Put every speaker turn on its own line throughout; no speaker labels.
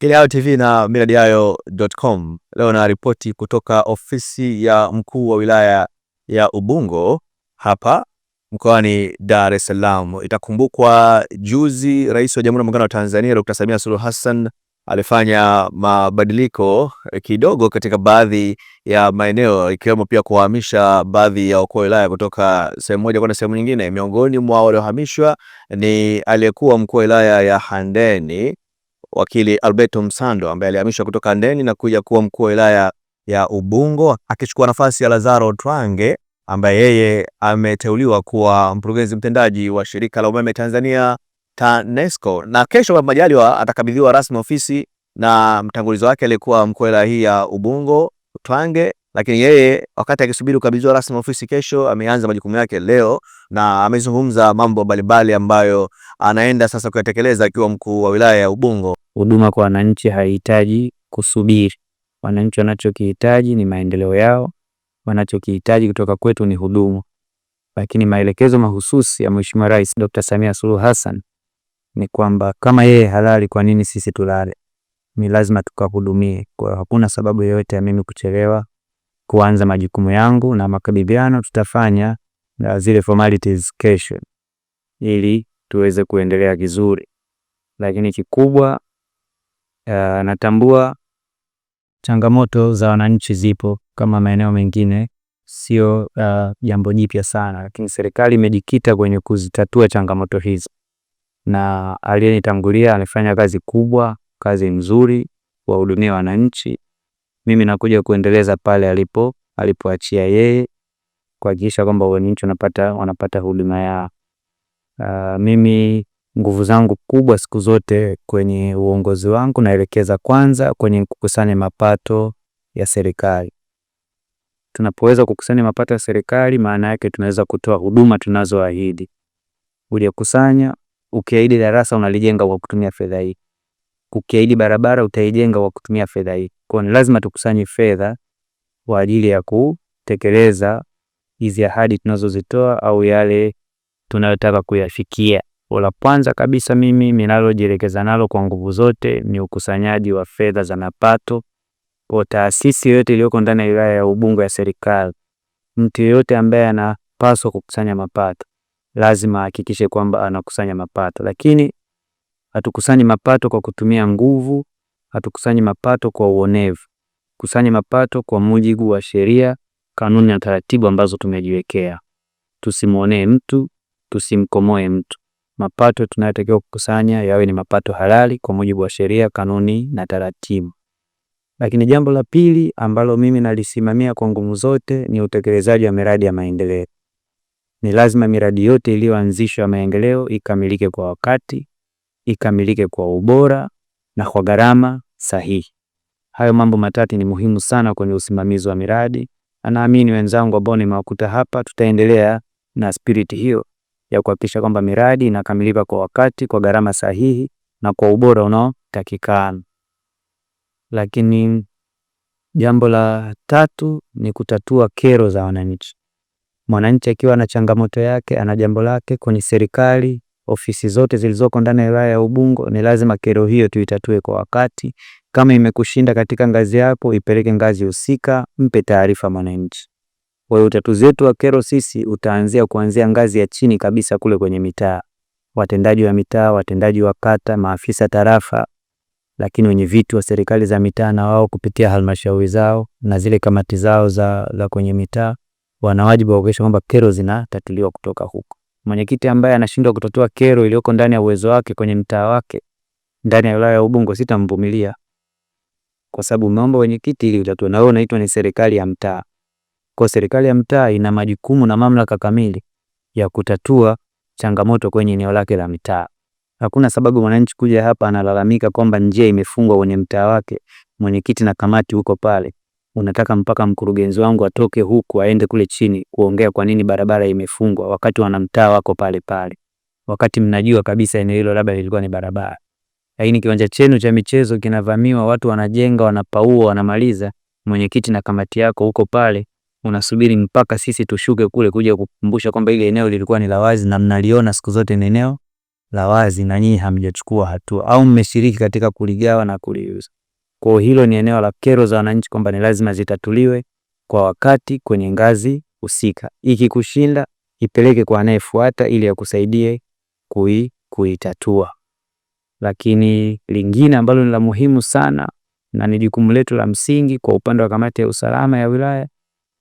Kiliayo TV na miladiayo.com leo na ripoti kutoka ofisi ya mkuu wa wilaya ya Ubungo hapa mkoani Dar es Salaam. Itakumbukwa juzi Rais wa Jamhuri ya Muungano wa Tanzania Dr. Samia Suluhu Hassan alifanya mabadiliko kidogo katika baadhi ya maeneo ikiwemo pia kuhamisha baadhi ya wakuu wa wilaya kutoka sehemu moja kwenda sehemu nyingine. Miongoni mwa waliohamishwa ni aliyekuwa mkuu wa wilaya ya Handeni wakili Alberto Msando ambaye alihamishwa kutoka Ndeni na kuja kuwa mkuu wa wilaya ya Ubungo akichukua nafasi ya Lazaro Twange ambaye yeye ameteuliwa kuwa mkurugenzi mtendaji wa shirika la umeme Tanzania TANESCO, na kesho Majaliwa atakabidhiwa rasmi ofisi na mtangulizi wake aliyekuwa mkuu wa wilaya hii ya Ubungo Twange, lakini yeye wakati akisubiri kukabidhiwa rasmi ofisi kesho, ameanza majukumu yake leo na amezungumza mambo mbalimbali ambayo anaenda sasa kuyatekeleza akiwa mkuu wa wilaya ya Ubungo.
Huduma kwa wananchi haihitaji kusubiri. Wananchi wanachokihitaji ni maendeleo yao, wanachokihitaji kutoka kwetu ni huduma. Lakini maelekezo mahususi ya Mheshimiwa Rais Dr. Samia Suluhu Hassan ni kwamba kama yeye halali, kwa nini sisi tulale? Ni lazima tukahudumie. Kwa hakuna sababu yoyote ya mimi kuchelewa kuanza majukumu yangu, na makabidhiano tutafanya na zile formalities kesho, ili tuweze kuendelea vizuri. Lakini kikubwa uh, natambua changamoto za wananchi zipo kama maeneo mengine, sio eh, jambo uh, jipya sana, lakini serikali imejikita kwenye kuzitatua changamoto hizi, na aliyenitangulia amefanya kazi kubwa, kazi nzuri, kuwahudumia wananchi. Mimi nakuja kuendeleza pale alipo alipoachia yeye kuhakikisha kwamba wananchi wanapata wanapata huduma ya Uh, mimi nguvu zangu kubwa siku zote kwenye uongozi wangu naelekeza kwanza kwenye kukusanya mapato ya serikali. Tunapoweza kukusanya mapato ya serikali, maana yake tunaweza kutoa huduma tunazoahidi. Uliyokusanya, ukiahidi darasa unalijenga kwa kutumia fedha hii, ukiahidi barabara utaijenga kwa kutumia fedha hii. Kwa hiyo lazima tukusanye fedha kwa ajili ya kutekeleza hizi ahadi tunazozitoa au yale tunayotaka kuyafikia. La kwanza kabisa mimi ninalojielekeza nalo kwa nguvu zote ni ukusanyaji wa fedha za mapato kwa taasisi yoyote iliyoko ndani ya wilaya ya Ubungo ya serikali. Mtu yeyote ambaye anapaswa kukusanya mapato lazima ahakikishe kwamba anakusanya mapato, lakini hatukusanyi mapato kwa kutumia nguvu, hatukusanyi mapato kwa uonevu, kusanyi mapato kwa mujibu wa sheria kanuni na taratibu ambazo tumejiwekea. Tusimwonee mtu, tusimkomoe mtu. Mapato tunayotakiwa kukusanya yawe ni mapato halali kwa mujibu wa sheria, kanuni na taratibu. Lakini jambo la pili ambalo mimi nalisimamia kwa nguvu zote ni utekelezaji wa miradi ya maendeleo. Ni lazima miradi yote iliyoanzishwa ya maendeleo ikamilike kwa wakati, ikamilike kwa ubora na kwa gharama sahihi. Hayo mambo matatu ni muhimu sana kwenye usimamizi wa miradi na naamini wenzangu ambao nimewakuta hapa, tutaendelea na spirit hiyo ya kuhakikisha kwamba miradi inakamilika kwa wakati, kwa gharama sahihi na kwa ubora unaotakikana. Lakini jambo la tatu ni kutatua kero za wananchi. Mwananchi akiwa na changamoto yake, ana jambo lake kwenye serikali, ofisi zote zilizoko ndani ya wilaya ya Ubungo, ni lazima kero hiyo tuitatue kwa wakati kama imekushinda katika ngazi yako, ipeleke ngazi husika, mpe taarifa mwananchi. Kwa hiyo utatuzi wetu wa kero sisi utaanzia kuanzia ngazi ya chini kabisa kule kwenye mitaa, watendaji wa mitaa, watendaji wa kata, maafisa tarafa, lakini wenye viti wa serikali za mitaa na wao kupitia halmashauri zao na zile kamati zao za, za kwenye mitaa wana wajibu wa kuhakikisha kwamba kero zinatatuliwa kutoka huko. Mwenyekiti ambaye anashindwa kutatua kero iliyoko ndani ya uwezo wake kwenye mtaa wake ndani ya wilaya ya Ubungo sitamvumilia kwa sababu umeomba wenyekiti ili utatoe, na wewe unaitwa ni serikali ya mtaa. Kwa serikali ya mtaa ina majukumu na mamlaka kamili ya kutatua changamoto kwenye eneo lake la mtaa. Hakuna sababu mwananchi kuja hapa analalamika kwamba njia imefungwa kwenye mtaa wake, mwenyekiti na kamati huko pale, unataka mpaka mkurugenzi wangu atoke huku aende kule chini kuongea kwa nini barabara imefungwa, wakati wana mtaa wako pale pale, wakati mnajua kabisa eneo hilo labda lilikuwa ni barabara lakini kiwanja chenu cha michezo kinavamiwa, watu wanajenga, wanapaua, wanamaliza. Mwenyekiti na kamati yako huko pale, unasubiri mpaka sisi tushuke kule kuja kukumbusha kwamba ile eneo lilikuwa ni la wazi na mnaliona siku zote ni eneo la wazi na nyinyi hamjachukua hatua au mmeshiriki katika kuligawa na kuliuza. Kwa hilo ni eneo la kero za wananchi kwamba ni lazima zitatuliwe kwa wakati kwenye ngazi husika. Ikikushinda ipeleke kwa anayefuata ili akusaidie kui kuitatua. Lakini lingine ambalo ni la muhimu sana na ni jukumu letu la msingi kwa upande wa kamati ya usalama ya wilaya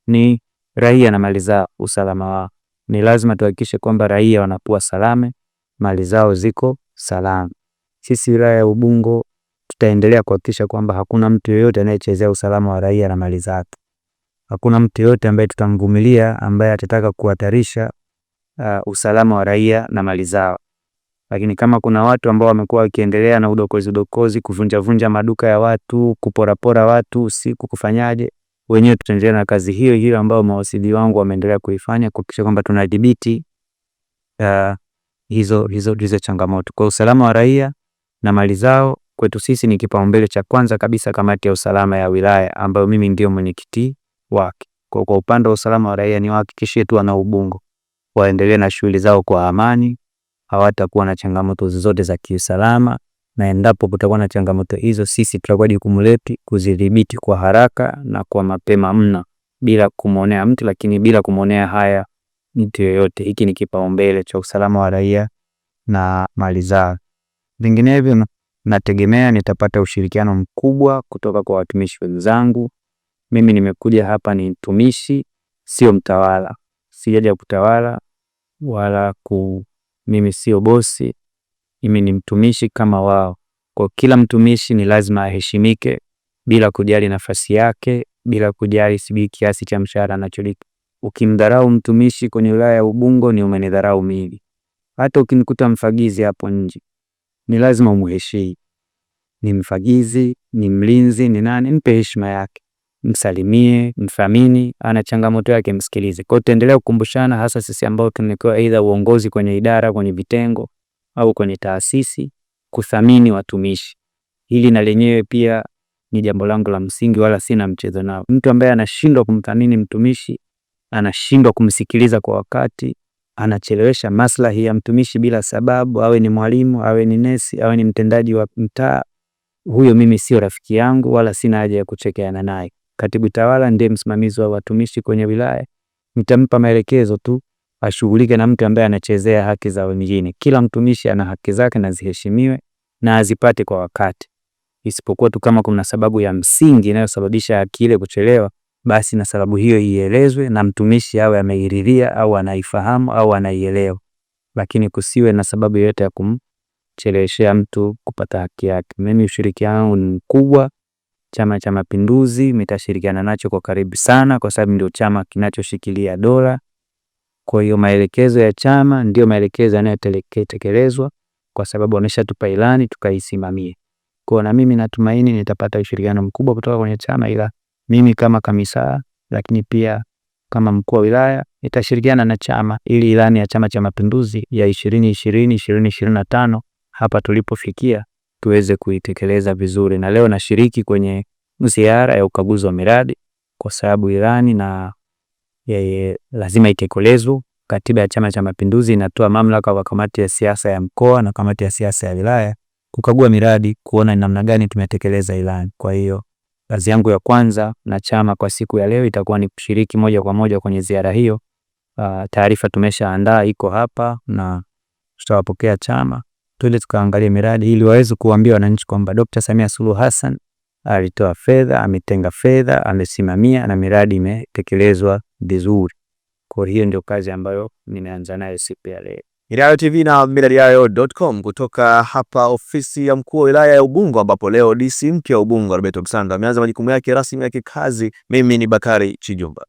ni raia na mali zao, usalama wao. Ni lazima tuhakikishe kwamba raia wanakuwa salama, mali zao ziko salama. Sisi wilaya ya Ubungo tutaendelea kuhakikisha kwamba hakuna mtu yoyote anayechezea usalama wa raia na mali zake. Hakuna mtu yoyote ambaye tutamvumilia ambaye atataka kuhatarisha uh, usalama wa raia na mali zao. Lakini kama kuna watu ambao wamekuwa wakiendelea na udokozi udokozi, kuvunja vunja maduka ya watu, kuporapora watu usiku, kufanyaje, wenyewe tutaendelea na kazi hiyo hiyo ambayo mawasidi wangu wameendelea kuifanya kuhakikisha kwamba tunadhibiti uh, hizo hizo hizo changamoto. Kwa usalama wa raia na mali zao kwetu sisi ni kipaumbele cha kwanza kabisa kamati ya usalama ya wilaya ambayo mimi ndio mwenyekiti wake. Kwa, kwa upande wa usalama wa raia ni wahakikishie tu wana Ubungo waendelee na shughuli zao kwa amani hawatakuwa na changamoto zozote za kiusalama, na endapo kutakuwa na changamoto hizo, sisi tutakuwa jukumu letu kuzidhibiti kwa haraka na kwa mapema mna, bila kumwonea mtu, lakini bila kumwonea haya mtu yoyote. Hiki ni kipaumbele cha usalama wa raia na mali zao. Vinginevyo nategemea nitapata ushirikiano mkubwa kutoka kwa watumishi wenzangu. Mimi nimekuja hapa ni mtumishi, sio mtawala. Sijaja kutawala wala ku mimi sio bosi, mimi ni mtumishi kama wao. Kwa kila mtumishi ni lazima aheshimike bila kujali nafasi yake, bila kujali sijui kiasi cha mshahara anacholipa. Ukimdharau mtumishi kwenye wilaya ya Ubungo ni umenidharau mimi. Hata ukinikuta mfagizi hapo nje ni lazima umheshimu. Ni mfagizi, ni mlinzi, ni nani, mpe heshima yake msalimie, mthamini, ana changamoto yake msikilize. Kwa hiyo tutaendelea kukumbushana, hasa sisi ambao tumekuwa aidha uongozi kwenye idara, kwenye vitengo au kwenye taasisi, kuthamini watumishi. Hili na lenyewe pia ni jambo langu la msingi, wala sina mchezo nao. Mtu ambaye anashindwa kumthamini mtumishi, anashindwa kumsikiliza kwa wakati, anachelewesha maslahi ya mtumishi bila sababu, awe ni mwalimu, awe ni nesi, awe ni mtendaji wa mtaa, huyo mimi sio rafiki yangu, wala sina haja ya kuchekeana naye. Katibu tawala ndiye msimamizi wa watumishi kwenye wilaya, nitampa maelekezo tu ashughulike na mtu ambaye anachezea haki za wengine. Kila mtumishi ana haki zake na ziheshimiwe na azipate kwa wakati, isipokuwa tu kama kuna sababu ya msingi inayosababisha haki ile kuchelewa, basi na sababu hiyo ielezwe na mtumishi awe ameiridhia au anaifahamu au anaielewa, lakini kusiwe na sababu yoyote ya kumcheleweshea mtu kupata haki yake. Mimi ushirikiano ni mkubwa Chama cha Mapinduzi nitashirikiana nacho kwa karibu sana, kwa sababu ndio chama kinachoshikilia dola. Kwa hiyo maelekezo ya chama ndio maelekezo yanayotekelezwa, kwa sababu wameshatupa ilani tukaisimamie. Kwa na mimi natumaini nitapata ushirikiano mkubwa kutoka kwenye chama, ila mimi kama kamisa, lakini pia kama mkuu wa wilaya nitashirikiana na chama ili ilani ya Chama cha Mapinduzi ya ishirini ishirini ishirini ishirini na tano hapa tulipofikia tuweze kuitekeleza vizuri. Na leo nashiriki kwenye ziara ya ukaguzi wa miradi kwa sababu ilani na yeye lazima itekelezwe. Katiba ya Chama cha Mapinduzi inatoa mamlaka kwa kamati ya siasa ya mkoa na kamati ya siasa ya wilaya kukagua miradi, kuona ni namna gani tumetekeleza ilani. Kwa hiyo kazi yangu ya kwanza na chama kwa siku ya leo itakuwa ni kushiriki moja kwa moja kwenye ziara hiyo. Uh, taarifa tumeshaandaa iko hapa na tutawapokea chama twende tukaangalie miradi ili waweze kuambia wananchi kwamba Dr. Samia Suluhu Hassan alitoa fedha, ametenga fedha, amesimamia na miradi imetekelezwa vizuri. Kwa hiyo ndio kazi ambayo nimeanza nayo siku ya leo.
Irayo TV na millardayo.com kutoka hapa ofisi ya mkuu wa wilaya ya Ubungo, ambapo leo DC mpya Ubungo Roberto Msando ameanza majukumu yake rasmi ya kikazi. Mimi ni Bakari Chijumba.